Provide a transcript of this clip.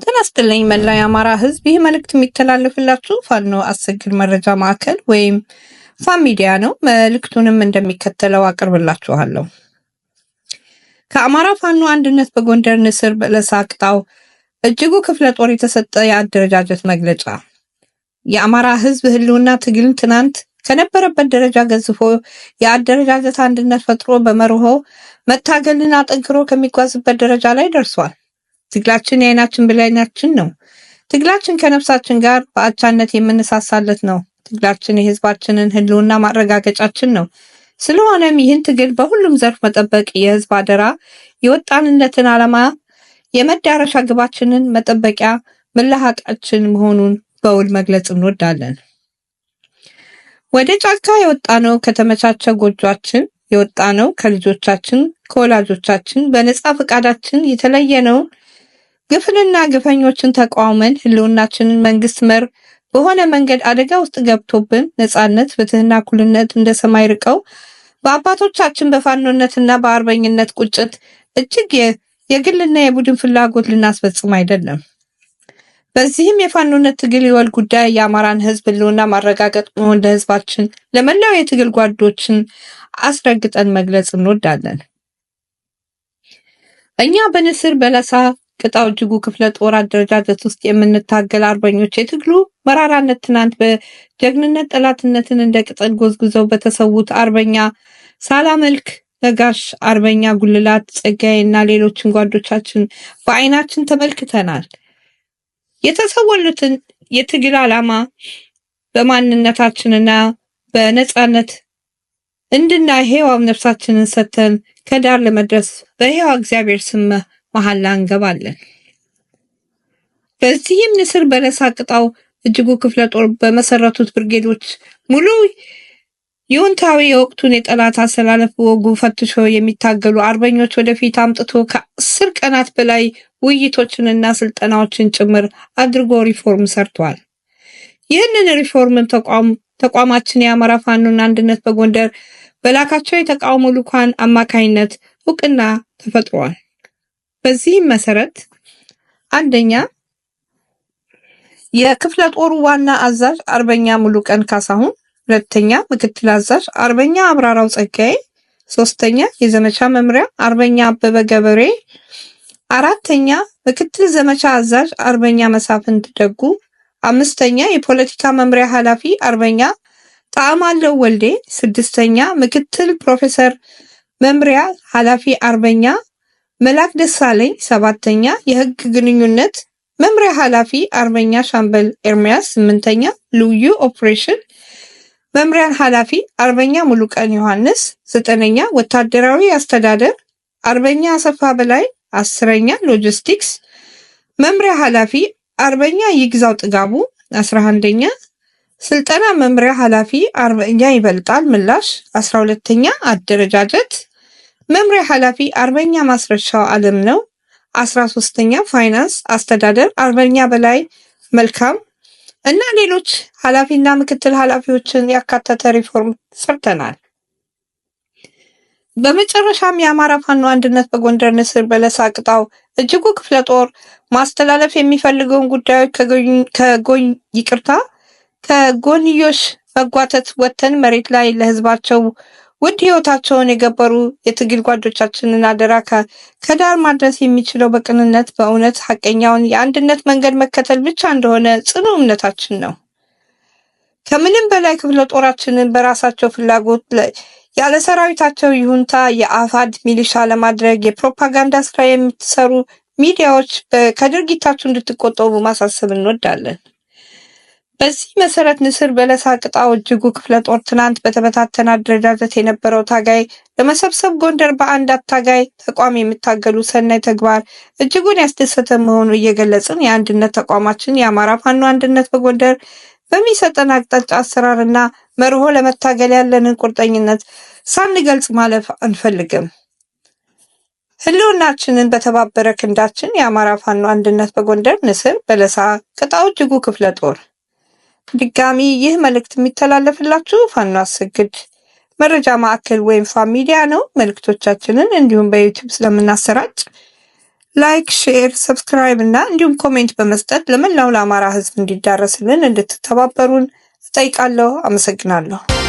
ጤና ይስጥልኝ መላው የአማራ ህዝብ ይህ መልእክት የሚተላለፍላችሁ ፋኖ አሰግድ መረጃ ማዕከል ወይም ፋሚሊያ ነው። መልእክቱንም እንደሚከተለው አቅርብላችኋለሁ። ከአማራ ፋኖ አንድነት በጎንደር ንስር ለሳቅጣው እጅጉ ክፍለ ጦር የተሰጠ የአደረጃጀት መግለጫ የአማራ ህዝብ ህልውና ትግል ትናንት ከነበረበት ደረጃ ገዝፎ የአደረጃጀት አንድነት ፈጥሮ በመርሆ መታገልን አጠንክሮ ከሚጓዝበት ደረጃ ላይ ደርሷል። ትግላችን የዓይናችን ብላይናችን ነው። ትግላችን ከነፍሳችን ጋር በአቻነት የምንሳሳለት ነው። ትግላችን የህዝባችንን ህልውና ማረጋገጫችን ነው። ስለሆነም ይህን ትግል በሁሉም ዘርፍ መጠበቅ የህዝብ አደራ፣ የወጣንነትን ዓላማ የመዳረሻ ግባችንን መጠበቂያ መላሃቃችን መሆኑን በውል መግለጽ እንወዳለን። ወደ ጫካ የወጣነው ከተመቻቸ ጎጇችን የወጣነው ከልጆቻችን፣ ከወላጆቻችን በነፃ ፈቃዳችን የተለየነውን ግፍንና ግፈኞችን ተቃውመን ህልውናችንን መንግስት መር በሆነ መንገድ አደጋ ውስጥ ገብቶብን ነጻነት፣ ፍትህና እኩልነት እንደ ሰማይ ርቀው በአባቶቻችን በፋኖነትና በአርበኝነት ቁጭት እጅግ የግልና የቡድን ፍላጎት ልናስፈጽም አይደለም። በዚህም የፋኖነት ትግል የወል ጉዳይ የአማራን ህዝብ ህልውና ማረጋገጥ መሆን ለህዝባችን፣ ለመላው የትግል ጓዶችን አስረግጠን መግለጽ እንወዳለን። እኛ በንስር በለሳ ቅጣው እጅጉ ክፍለ ጦር አደረጃጀት ውስጥ የምንታገል አርበኞች የትግሉ መራራነት ትናንት በጀግንነት ጠላትነትን እንደ ቅጠል ጎዝጉዘው በተሰዉት አርበኛ ሳላመልክ ነጋሽ አርበኛ ጉልላት እና ሌሎችን ጓዶቻችን በአይናችን ተመልክተናል። የተሰወሉትን የትግል ዓላማ በማንነታችንና በነጻነት እንድና ህያው ነፍሳችንን ሰጥተን ከዳር ለመድረስ በህያው እግዚአብሔር ስም መሐላ እንገባለን። በዚህም ንስር በለሳ ቅጣው እጅጉ ክፍለ ጦር በመሰረቱት ብርጌዶች ሙሉ ይሁንታዊ የወቅቱን የጠላት አሰላለፍ ወጉ ፈትሾ የሚታገሉ አርበኞች ወደፊት አምጥቶ ከአስር ቀናት በላይ ውይይቶችንና ስልጠናዎችን ጭምር አድርጎ ሪፎርም ሰርቷል። ይህንን ሪፎርምም ተቋማችን የአማራ ፋኖና አንድነት በጎንደር በላካቸው የተቃውሞ ልኳን አማካኝነት እውቅና ተፈጥሯል። በዚህም መሰረት አንደኛ የክፍለ ጦሩ ዋና አዛዥ አርበኛ ሙሉ ቀን ካሳሁን፣ ሁለተኛ ምክትል አዛዥ አርበኛ አብራራው ጸጋዬ፣ ሶስተኛ የዘመቻ መምሪያ አርበኛ አበበ ገበሬ፣ አራተኛ ምክትል ዘመቻ አዛዥ አርበኛ መሳፍንት ደጉ፣ አምስተኛ የፖለቲካ መምሪያ ኃላፊ አርበኛ ጣዕማለው ወልዴ፣ ስድስተኛ ምክትል ፕሮፌሰር መምሪያ ኃላፊ አርበኛ መላክ ደሳለኝ ሰባተኛ የህግ ግንኙነት መምሪያ ኃላፊ አርበኛ ሻምበል ኤርሚያስ ስምንተኛ ልዩ ኦፕሬሽን መምሪያን ኃላፊ አርበኛ ሙሉቀን ዮሐንስ ዘጠነኛ ወታደራዊ አስተዳደር አርበኛ አሰፋ በላይ አስረኛ ሎጂስቲክስ መምሪያ ኃላፊ አርበኛ ይግዛው ጥጋቡ አስራ አንደኛ ስልጠና መምሪያ ኃላፊ አርበኛ ይበልጣል ምላሽ አስራ ሁለተኛ አደረጃጀት መምሪያ ኃላፊ አርበኛ ማስረሻው አለም ነው። አስራ ሶስተኛ ፋይናንስ አስተዳደር አርበኛ በላይ መልካም እና ሌሎች ኃላፊና ምክትል ኃላፊዎችን ያካተተ ሪፎርም ሰርተናል። በመጨረሻም የአማራ ፋኖ አንድነት በጎንደር ንስር በለሳ ቅጣው እጅጉ ክፍለ ጦር ማስተላለፍ የሚፈልገውን ጉዳዮች ከጎኝ ይቅርታ ከጎንዮሽ መጓተት ወጥተን መሬት ላይ ለህዝባቸው ውድ ህይወታቸውን የገበሩ የትግል ጓዶቻችንን አደራ ከዳር ማድረስ የሚችለው በቅንነት በእውነት ሀቀኛውን የአንድነት መንገድ መከተል ብቻ እንደሆነ ጽኑ እምነታችን ነው። ከምንም በላይ ክፍለ ጦራችንን በራሳቸው ፍላጎት ያለ ሰራዊታቸው ይሁንታ የአፋድ ሚሊሻ ለማድረግ የፕሮፓጋንዳ ስራ የምትሰሩ ሚዲያዎች ከድርጊታችሁ እንድትቆጠቡ ማሳሰብ እንወዳለን። በዚህ መሰረት ንስር በለሳ ቅጣው እጅጉ ክፍለ ጦር ትናንት በተበታተነ አደረጃጀት የነበረው ታጋይ ለመሰብሰብ ጎንደር በአንድ አታጋይ ተቋም የሚታገሉ ሰናይ ተግባር እጅጉን ያስደሰተ መሆኑ እየገለጽን የአንድነት ተቋማችን የአማራ ፋኖ አንድነት በጎንደር በሚሰጠን አቅጣጫ አሰራርና መርሆ ለመታገል ያለንን ቁርጠኝነት ሳንገልጽ ማለፍ አንፈልግም። ህልውናችንን በተባበረ ክንዳችን የአማራ ፋኖ አንድነት በጎንደር ንስር በለሳ ቅጣው እጅጉ ክፍለ ጦር ድጋሚ ይህ መልእክት የሚተላለፍላችሁ ፋኖ አሰግድ መረጃ ማዕከል ወይም ፋሚሊያ ነው። መልእክቶቻችንን እንዲሁም በዩቲዩብ ስለምናሰራጭ ላይክ፣ ሼር፣ ሰብስክራይብ እና እንዲሁም ኮሜንት በመስጠት ለመላው ለአማራ ሕዝብ እንዲዳረስልን እንድትተባበሩን እጠይቃለሁ። አመሰግናለሁ።